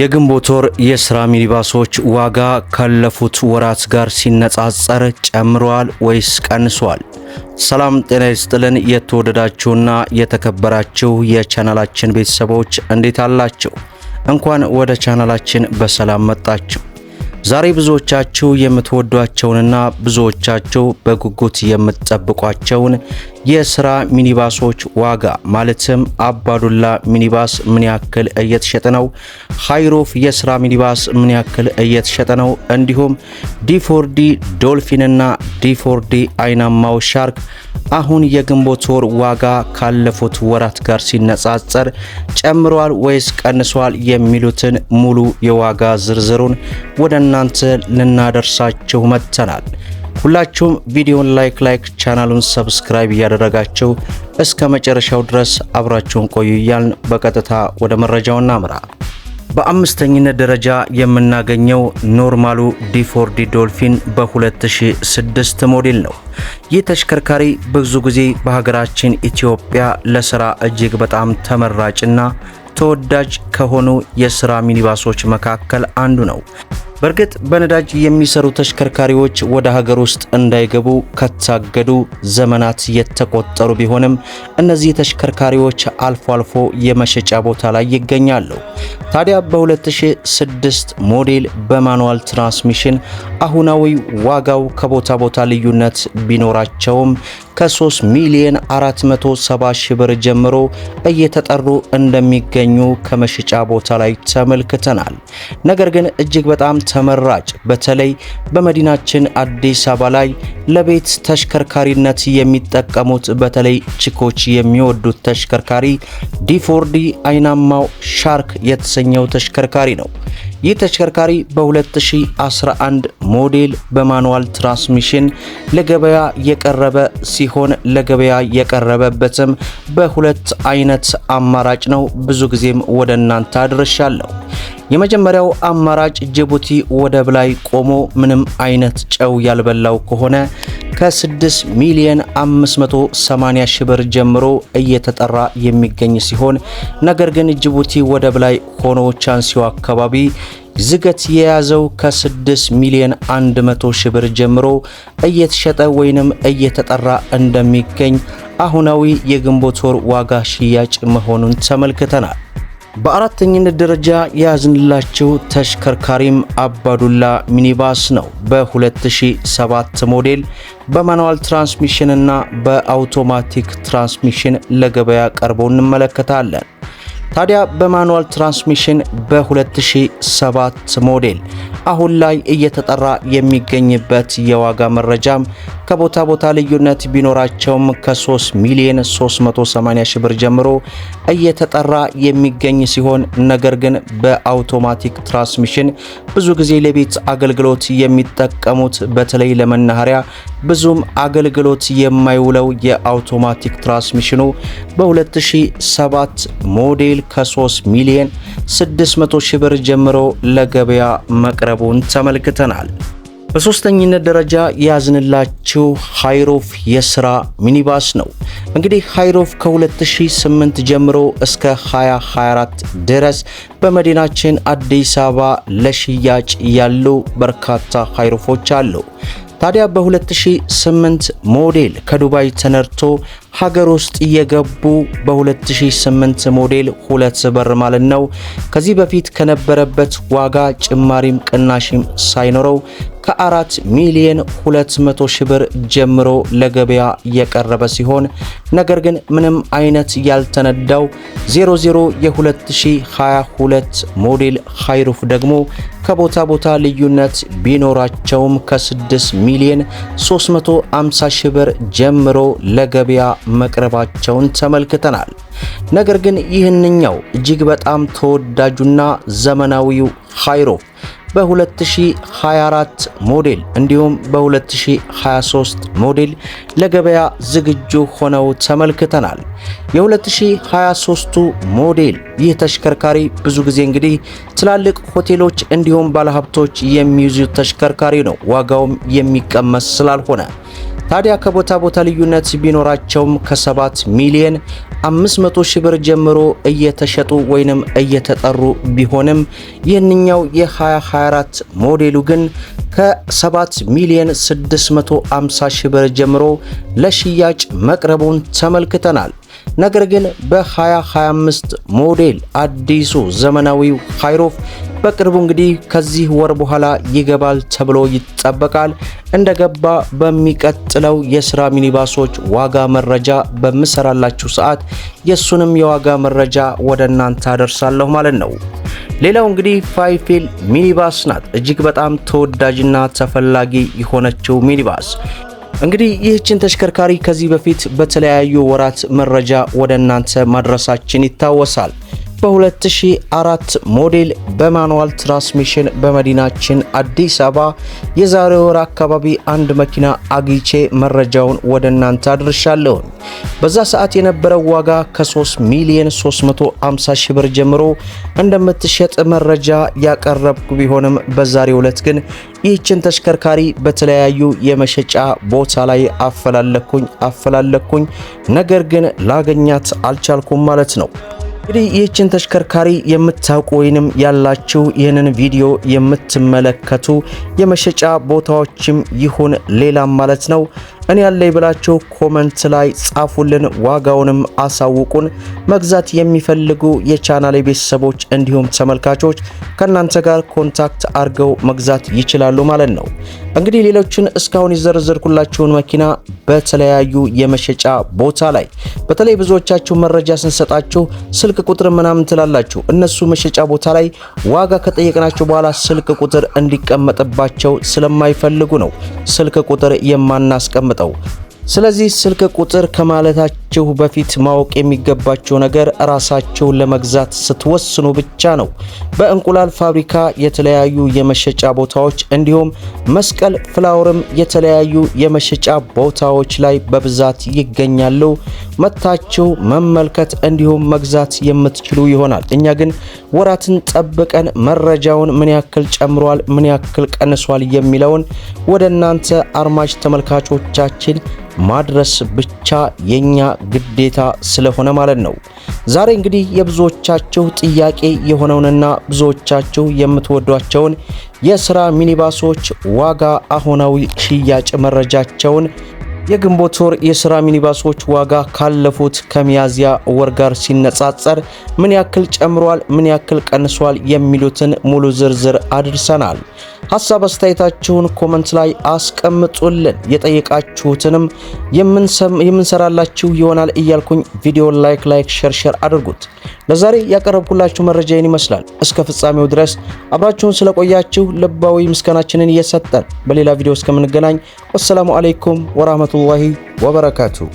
የግንቦት ወር የስራ ሚኒባሶች ዋጋ ካለፉት ወራት ጋር ሲነጻጸር ጨምረዋል ወይስ ቀንሷል? ሰላም ጤና ይስጥልን። የተወደዳችሁና የተከበራችሁ የቻናላችን ቤተሰቦች እንዴት አላችሁ? እንኳን ወደ ቻናላችን በሰላም መጣችሁ። ዛሬ ብዙዎቻችሁ የምትወዷቸውንና ብዙዎቻችሁ በጉጉት የምትጠብቋቸውን የስራ ሚኒባሶች ዋጋ ማለትም አባዱላ ሚኒባስ ምን ያክል እየተሸጠ ነው? ሃይሮፍ የስራ ሚኒባስ ምን ያክል እየተሸጠ ነው? እንዲሁም ዲፎርዲ ዶልፊንና ዲፎርዲ አይናማው ሻርክ አሁን የግንቦት ወር ዋጋ ካለፉት ወራት ጋር ሲነጻጸር ጨምሯል ወይስ ቀንሷል የሚሉትን ሙሉ የዋጋ ዝርዝሩን ወደ እናንተ ልናደርሳችሁ መጥተናል። ሁላችሁም ቪዲዮን ላይክ ላይክ ቻናሉን ሰብስክራይብ እያደረጋችሁ እስከ መጨረሻው ድረስ አብራችሁን ቆዩ እያልን በቀጥታ ወደ መረጃው እናምራ። በአምስተኝነት ደረጃ የምናገኘው ኖርማሉ ዲፎርዲ ዶልፊን በ2006 ሞዴል ነው። ይህ ተሽከርካሪ ብዙ ጊዜ በሀገራችን ኢትዮጵያ ለስራ እጅግ በጣም ተመራጭና ተወዳጅ ከሆኑ የስራ ሚኒባሶች መካከል አንዱ ነው። በእርግጥ በነዳጅ የሚሰሩ ተሽከርካሪዎች ወደ ሀገር ውስጥ እንዳይገቡ ከታገዱ ዘመናት የተቆጠሩ ቢሆንም እነዚህ ተሽከርካሪዎች አልፎ አልፎ የመሸጫ ቦታ ላይ ይገኛሉ። ታዲያ በ2006 ሞዴል በማኑዋል ትራንስሚሽን አሁናዊ ዋጋው ከቦታ ቦታ ልዩነት ቢኖራቸውም ከ3 ሚሊዮን 470 ሺህ ብር ጀምሮ እየተጠሩ እንደሚገኙ ከመሸጫ ቦታ ላይ ተመልክተናል። ነገር ግን እጅግ በጣም ተመራጭ በተለይ በመዲናችን አዲስ አበባ ላይ ለቤት ተሽከርካሪነት የሚጠቀሙት በተለይ ችኮች የሚወዱት ተሽከርካሪ ዲፎርዲ አይናማው ሻርክ የተሰኘው ተሽከርካሪ ነው። ይህ ተሽከርካሪ በ2011 ሞዴል በማኑዋል ትራንስሚሽን ለገበያ የቀረበ ሲሆን ለገበያ የቀረበበትም በሁለት አይነት አማራጭ ነው። ብዙ ጊዜም ወደ እናንተ አድርሻለሁ። የመጀመሪያው አማራጭ ጅቡቲ ወደብ ላይ ቆሞ ምንም አይነት ጨው ያልበላው ከሆነ ከ6 ሚሊዮን 580 ሺህ ብር ጀምሮ እየተጠራ የሚገኝ ሲሆን ነገር ግን ጅቡቲ ወደብ ላይ ሆኖ ቻንሲዮ አካባቢ ዝገት የያዘው ከ6 ሚሊዮን 100 ሺህ ብር ጀምሮ እየተሸጠ ወይንም እየተጠራ እንደሚገኝ አሁናዊ የግንቦት ወር ዋጋ ሽያጭ መሆኑን ተመልክተናል። በአራተኝነት ደረጃ የያዝንላቸው ተሽከርካሪም አባዱላ ሚኒባስ ነው። በ2007 ሞዴል በማኑዋል ትራንስሚሽንና በአውቶማቲክ ትራንስሚሽን ለገበያ ቀርቦ እንመለከታለን። ታዲያ በማኑዋል ትራንስሚሽን በ2007 ሞዴል አሁን ላይ እየተጠራ የሚገኝበት የዋጋ መረጃም ከቦታ ቦታ ልዩነት ቢኖራቸውም ከ3 ሚሊዮን 380 ሺህ ብር ጀምሮ እየተጠራ የሚገኝ ሲሆን ነገር ግን በአውቶማቲክ ትራንስሚሽን ብዙ ጊዜ ለቤት አገልግሎት የሚጠቀሙት በተለይ ለመናኸሪያ ብዙም አገልግሎት የማይውለው የአውቶማቲክ ትራንስሚሽኑ በ2007 ሞዴል ከ3 ሚሊዮን 600 ሺህ ብር ጀምሮ ለገበያ መቅረቡን ተመልክተናል። በሶስተኝነት ደረጃ ያዝንላችሁ ሃይሮፍ የስራ ሚኒባስ ነው። እንግዲህ ሃይሮፍ ከ2008 ጀምሮ እስከ 2024 ድረስ በመዲናችን አዲስ አበባ ለሽያጭ ያሉ በርካታ ሃይሮፎች አሉ። ታዲያ በ2008 ሞዴል ከዱባይ ተነርቶ ሀገር ውስጥ እየገቡ በ2008 ሞዴል ሁለት በር ማለት ነው። ከዚህ በፊት ከነበረበት ዋጋ ጭማሪም ቅናሽም ሳይኖረው ከ ከ4 ሚሊዮን 200 ሺህ ብር ጀምሮ ለገበያ የቀረበ ሲሆን ነገር ግን ምንም አይነት ያልተነዳው 00 የ2022 ሞዴል ሃይሩፍ ደግሞ ከቦታ ቦታ ልዩነት ቢኖራቸውም ከ6 ሚሊዮን 350 ሺህ ብር ጀምሮ ለገበያ መቅረባቸውን ተመልክተናል። ነገር ግን ይህንኛው እጅግ በጣም ተወዳጁና ዘመናዊው ሃይሮፍ በ2024 ሞዴል እንዲሁም በ2023 ሞዴል ለገበያ ዝግጁ ሆነው ተመልክተናል። የ2023ቱ ሞዴል ይህ ተሽከርካሪ ብዙ ጊዜ እንግዲህ ትላልቅ ሆቴሎች እንዲሁም ባለሀብቶች የሚይዙት ተሽከርካሪ ነው። ዋጋውም የሚቀመስ ስላልሆነ ታዲያ ከቦታ ቦታ ልዩነት ቢኖራቸውም ከ7 ሚሊዮን 500 ሺህ ብር ጀምሮ እየተሸጡ ወይንም እየተጠሩ ቢሆንም ይህንኛው የ2024 ሞዴሉ ግን ከ7 ሚሊዮን 650 ሺህ ብር ጀምሮ ለሽያጭ መቅረቡን ተመልክተናል። ነገር ግን በ2025 ሞዴል አዲሱ ዘመናዊው ካይሮፍ በቅርቡ እንግዲህ ከዚህ ወር በኋላ ይገባል ተብሎ ይጠበቃል። እንደገባ በሚቀጥለው የስራ ሚኒባሶች ዋጋ መረጃ በምሰራላችሁ ሰዓት የሱንም የዋጋ መረጃ ወደ እናንተ አደርሳለሁ ማለት ነው። ሌላው እንግዲህ ፋይፊል ሚኒባስ ናት። እጅግ በጣም ተወዳጅና ተፈላጊ የሆነችው ሚኒባስ እንግዲህ ይህችን ተሽከርካሪ ከዚህ በፊት በተለያዩ ወራት መረጃ ወደ እናንተ ማድረሳችን ይታወሳል። በ2004 ሞዴል በማኑዋል ትራንስሚሽን በመዲናችን አዲስ አበባ የዛሬ ወር አካባቢ አንድ መኪና አግኝቼ መረጃውን ወደ እናንተ አድርሻለሁኝ። በዛ ሰዓት የነበረው ዋጋ ከ3 ሚሊዮን 350 ሺህ ብር ጀምሮ እንደምትሸጥ መረጃ ያቀረብኩ ቢሆንም በዛሬው ዕለት ግን ይህችን ተሽከርካሪ በተለያዩ የመሸጫ ቦታ ላይ አፈላለኩኝ አፈላለኩኝ፣ ነገር ግን ላገኛት አልቻልኩም ማለት ነው። እንግዲህ ይህችን ተሽከርካሪ የምታውቁ ወይንም ያላችሁ ይህንን ቪዲዮ የምትመለከቱ የመሸጫ ቦታዎችም ይሁን ሌላም ማለት ነው እኔ ያለኝ ብላችሁ ኮመንት ላይ ጻፉልን፣ ዋጋውንም አሳውቁን። መግዛት የሚፈልጉ የቻናሌ ቤተሰቦች እንዲሁም ተመልካቾች ከእናንተ ጋር ኮንታክት አድርገው መግዛት ይችላሉ ማለት ነው። እንግዲህ ሌሎችን እስካሁን የዘረዘርኩላችሁን መኪና በተለያዩ የመሸጫ ቦታ ላይ በተለይ ብዙዎቻችሁ መረጃ ስንሰጣችሁ ስልክ ቁጥር ምናምን ትላላችሁ። እነሱ መሸጫ ቦታ ላይ ዋጋ ከጠየቅናቸው በኋላ ስልክ ቁጥር እንዲቀመጥባቸው ስለማይፈልጉ ነው ስልክ ቁጥር የማናስቀምጥ የሚለውጠው። ስለዚህ ስልክ ቁጥር ከማለታች። ከመግዛታችሁ በፊት ማወቅ የሚገባቸው ነገር ራሳቸውን ለመግዛት ስትወስኑ ብቻ ነው። በእንቁላል ፋብሪካ የተለያዩ የመሸጫ ቦታዎች እንዲሁም መስቀል ፍላወርም የተለያዩ የመሸጫ ቦታዎች ላይ በብዛት ይገኛሉ። መታችሁ መመልከት እንዲሁም መግዛት የምትችሉ ይሆናል። እኛ ግን ወራትን ጠብቀን መረጃውን ምን ያክል ጨምሯል፣ ምን ያክል ቀንሷል የሚለውን ወደ እናንተ አርማጅ ተመልካቾቻችን ማድረስ ብቻ የኛ ግዴታ ስለሆነ ማለት ነው። ዛሬ እንግዲህ የብዙዎቻችሁ ጥያቄ የሆነውንና ብዙዎቻችሁ የምትወዷቸውን የስራ ሚኒባሶች ዋጋ አሁናዊ ሽያጭ መረጃቸውን የግንቦት ወር የስራ ሚኒባሶች ዋጋ ካለፉት ከሚያዝያ ወር ጋር ሲነጻጸር ምን ያክል ጨምሯል፣ ምን ያክል ቀንሷል የሚሉትን ሙሉ ዝርዝር አድርሰናል። ሐሳብ አስተያየታችሁን ኮመንት ላይ አስቀምጡልን። የጠየቃችሁትንም የምንሰራላችሁ ይሆናል እያልኩኝ ቪዲዮ ላይክ ላይክ ሸር ሸር አድርጉት። ለዛሬ ያቀረብኩላችሁ መረጃ ይህን ይመስላል። እስከ ፍጻሜው ድረስ አብራችሁን ስለቆያችሁ ልባዊ ምስጋናችንን እየሰጠን በሌላ ቪዲዮ እስከምንገናኝ ወሰላሙ አለይኩም ወራህመቱላሂ ወበረካቱ።